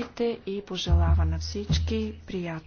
очите и пожелава на всички приятен